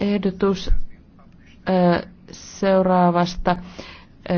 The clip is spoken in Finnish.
ehdotus seuraavasta